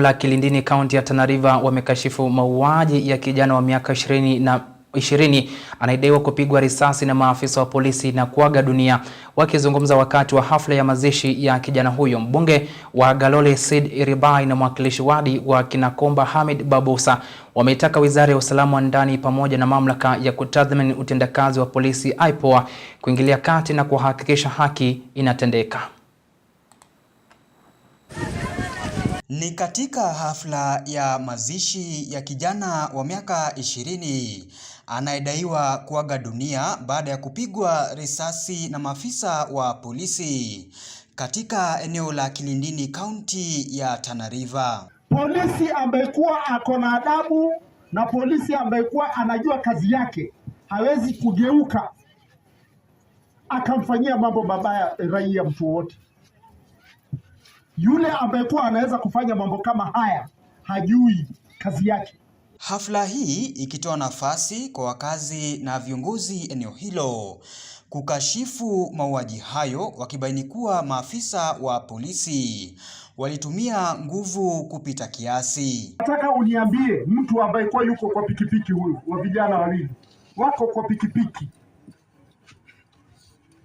la Kilindini kaunti ya Tana River wamekashifu mauaji ya kijana wa miaka ishirini na ishirini anayedaiwa kupigwa risasi na maafisa wa polisi na kuaga dunia. Wakizungumza wakati wa hafla ya mazishi ya kijana huyo, mbunge wa Galole Sid Iribai na mwakilishi wadi wa Kinakomba Hamid Babusa wameitaka Wizara ya Usalama wa Ndani pamoja na mamlaka ya kutathmini utendakazi wa polisi IPOA kuingilia kati na kuhakikisha haki inatendeka. Ni katika hafla ya mazishi ya kijana wa miaka ishirini anayedaiwa kuaga dunia baada ya kupigwa risasi na maafisa wa polisi katika eneo la Kilindini, kaunti ya Tana River. Polisi amekuwa ako na adabu na polisi amekuwa anajua kazi yake, hawezi kugeuka akamfanyia mambo mabaya raia mtu wote. Yule amekuwa anaweza kufanya mambo kama haya hajui kazi yake. Hafla hii ikitoa nafasi kwa wakazi na viongozi eneo hilo kukashifu mauaji hayo, wakibaini kuwa maafisa wa polisi walitumia nguvu kupita kiasi. Nataka uniambie mtu ambaye kwa yuko kwa pikipiki, huyu wa vijana wawili wako kwa pikipiki,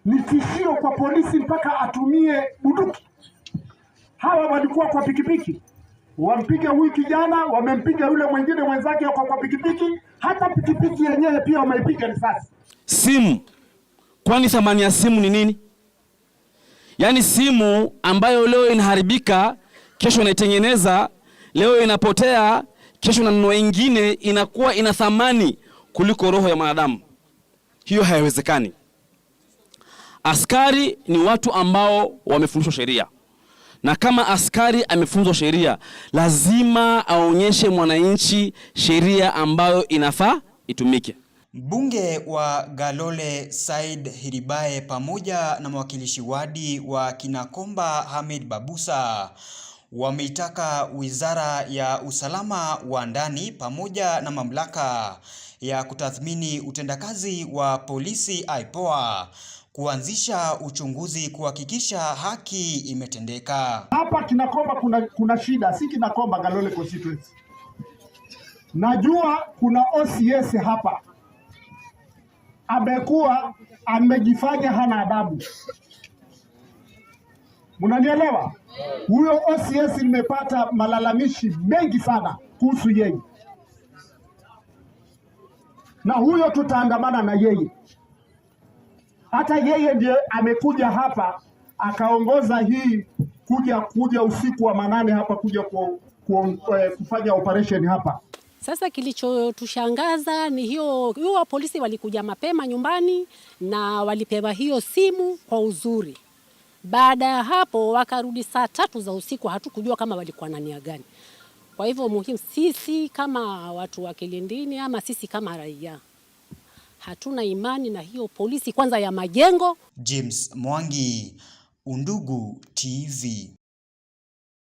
ni tishio kwa polisi mpaka atumie bunduki hawa walikuwa kwa pikipiki, wampige huyu kijana, wamempiga yule mwingine mwenzake kwa kwa pikipiki, hata pikipiki yenyewe pia wameipiga risasi. Simu, kwani thamani ya simu ni nini? Yaani simu ambayo leo inaharibika, kesho inaitengeneza, leo inapotea, kesho nanunua ingine, inakuwa ina thamani kuliko roho ya mwanadamu. Hiyo haiwezekani. Askari ni watu ambao wamefundishwa sheria na kama askari amefunzwa sheria, lazima aonyeshe mwananchi sheria ambayo inafaa itumike. Mbunge wa Galole Said Hiribae pamoja na mwakilishi wadi wa Kinakomba Hamid Babusa wameitaka Wizara ya Usalama wa Ndani pamoja na mamlaka ya kutathmini utendakazi wa polisi IPOA kuanzisha uchunguzi kuhakikisha haki imetendeka. Hapa Kinakomba kuna, kuna shida, si Kinakomba Galole constituency. Najua kuna OCS hapa amekuwa amejifanya hana adabu, mnanielewa? Huyo OCS nimepata malalamishi mengi sana kuhusu yeye, na huyo tutaandamana na yeye. Hata yeye ndiye amekuja hapa akaongoza hii kuja kuja usiku wa manane hapa kuja ku, ku, ku, eh, kufanya operation hapa. Sasa kilichotushangaza ni hiyo huwa polisi walikuja mapema nyumbani na walipewa hiyo simu kwa uzuri. Baada ya hapo wakarudi saa tatu za usiku, hatukujua kama walikuwa na nia gani. Kwa hivyo muhimu sisi kama watu wa Kilindini ama sisi kama raia hatuna imani na hiyo polisi kwanza ya majengo. James Mwangi, Undugu TV.